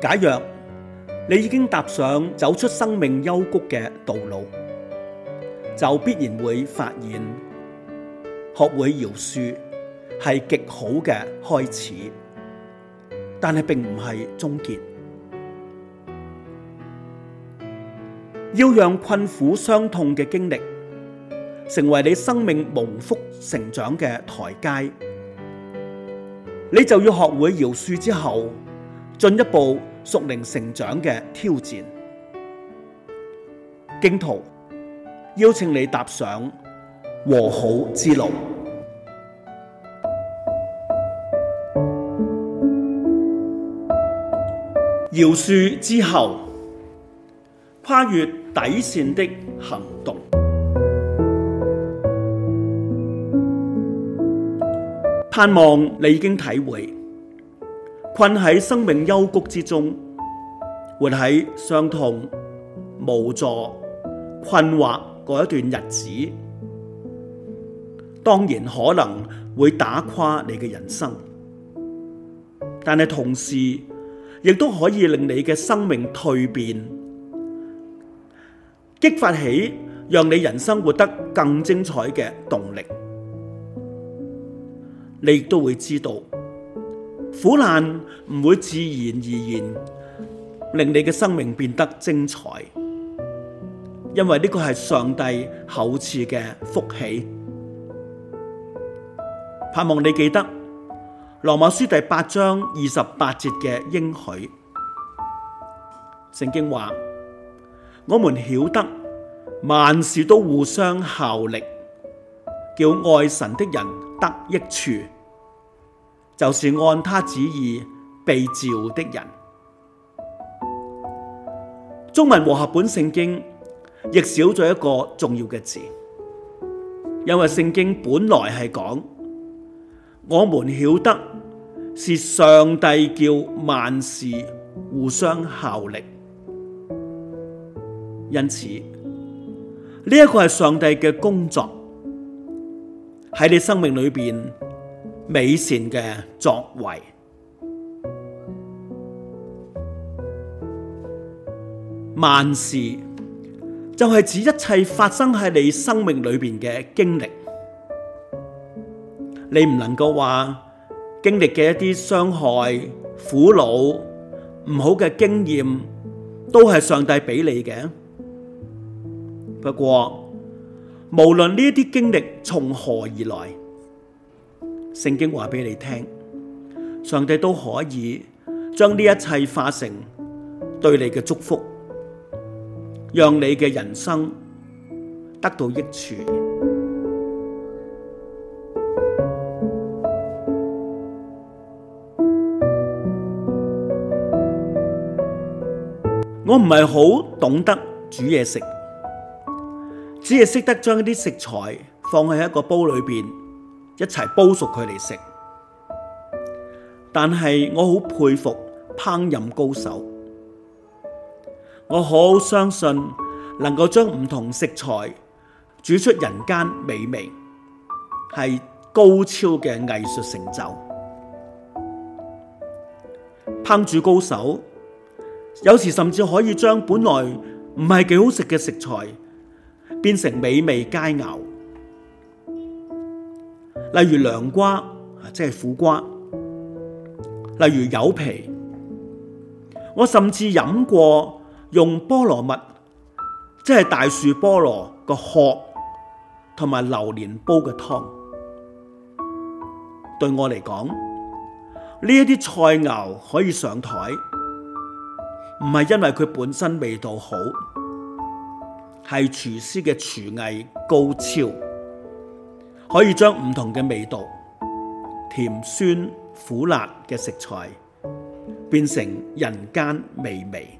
假若你已經踏上走出生命幽谷嘅道路，就必然會發現學會饒恕係極好嘅開始，但係並唔係終結。要讓困苦傷痛嘅經歷成為你生命蒙福成長嘅台階，你就要學會饒恕之後進一步。熟齡成長嘅挑戰，荊徒邀請你踏上和好之路。饒恕之後，跨越底線的行動，盼望你已經體會。困喺生命幽谷之中，活喺傷痛、無助、困惑嗰一段日子，當然可能會打垮你嘅人生。但係同時，亦都可以令你嘅生命蛻變，激發起讓你人生活得更精彩嘅動力。你亦都會知道。苦難唔會自然而然令你嘅生命變得精彩，因為呢個係上帝厚賜嘅福氣。盼望你記得羅馬書第八章二十八節嘅應許。聖經話：我們曉得萬事都互相效力，叫愛神的人得益處。就是按他旨意被召的人。中文和合本聖經亦少咗一個重要嘅字，因為聖經本來係講，我們曉得是上帝叫萬事互相效力，因此呢一個係上帝嘅工作喺你生命裏邊。美善嘅作為.萬事,就係指一切發生喺你生命裏面嘅經歷.你唔能夠話,經歷嘅一啲傷害,苦惱,唔好嘅經驗,都係上帝俾你嘅。不過,無論呢一啲經歷從何而來,聖經話俾你聽，上帝都可以將呢一切化成對你嘅祝福，讓你嘅人生得到益處。我唔係好懂得煮嘢食，只係識得將啲食材放喺一個煲裏邊。一齊煲熟佢嚟食，但係我好佩服烹飪高手。我好相信能夠將唔同食材煮出人間美味，係高超嘅藝術成就。烹煮高手有時甚至可以將本來唔係幾好食嘅食材變成美味佳餚。例如涼瓜，即係苦瓜；例如柚皮，我甚至飲過用菠蘿蜜，即係大樹菠蘿個殼同埋榴蓮煲嘅湯。對我嚟講，呢一啲菜餚可以上台，唔係因為佢本身味道好，係廚師嘅廚藝高超。可以將唔同嘅味道，甜酸苦辣嘅食材，變成人間美味。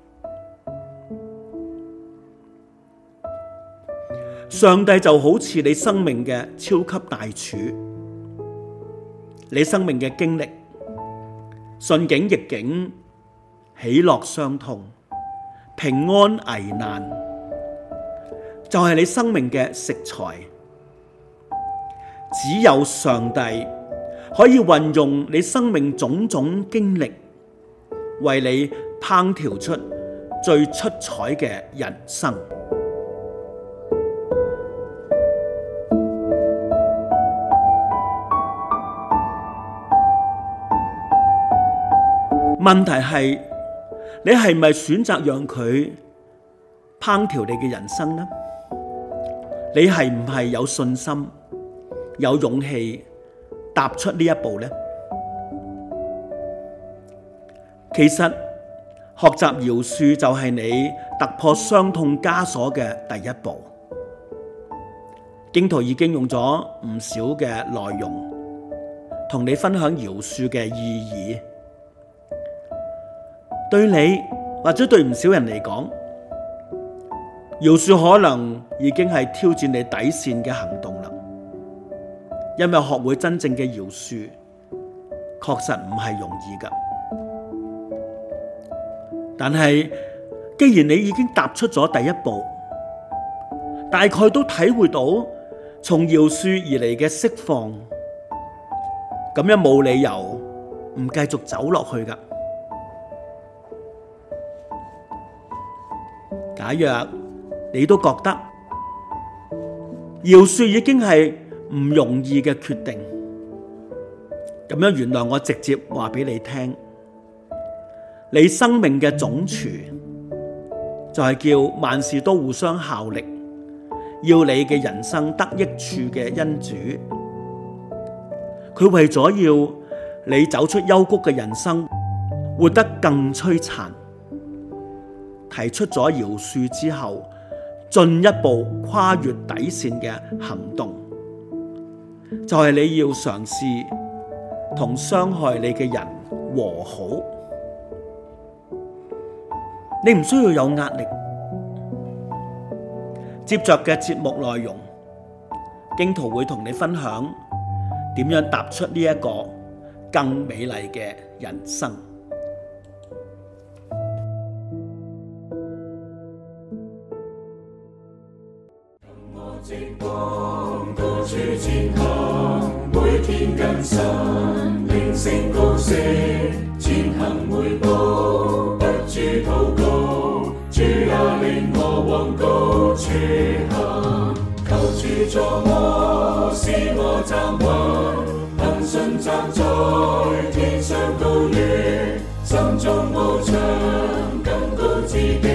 上帝就好似你生命嘅超級大廚，你生命嘅經歷，順境逆境，喜樂傷痛，平安危難，就係你生命嘅食材。只有上帝可以運用你生命種種經歷，為你烹調出最出彩嘅人生。問題係，你係咪選擇讓佢烹調你嘅人生呢？你係唔係有信心？有勇氣踏出呢一步呢，其實學習饒恕就係你突破傷痛枷鎖嘅第一步。荊徒已經用咗唔少嘅內容同你分享饒恕嘅意義，對你或者對唔少人嚟講，饒恕可能已經係挑戰你底線嘅行動。因為學會真正嘅饒恕，確實唔係容易噶。但係，既然你已經踏出咗第一步，大概都體會到從饒恕而嚟嘅釋放，咁樣冇理由唔繼續走落去噶。假若你都覺得饒恕已經係，唔容易嘅決定，咁樣原諒我直接話俾你聽，你生命嘅總主就係、是、叫萬事都互相效力，要你嘅人生得益處嘅恩主，佢為咗要你走出幽谷嘅人生，活得更璀璨，提出咗饒恕之後，進一步跨越底線嘅行動。就係你要嘗試同傷害你嘅人和好，你唔需要有壓力。接着嘅節目內容，荊徒會同你分享點樣踏出呢一個更美麗嘅人生。天更新，靈性高升，前行每步，不住禱告，主啊領我往高處行，求主助我使我站穩，憑信站在天上高處，心中高唱更高志境。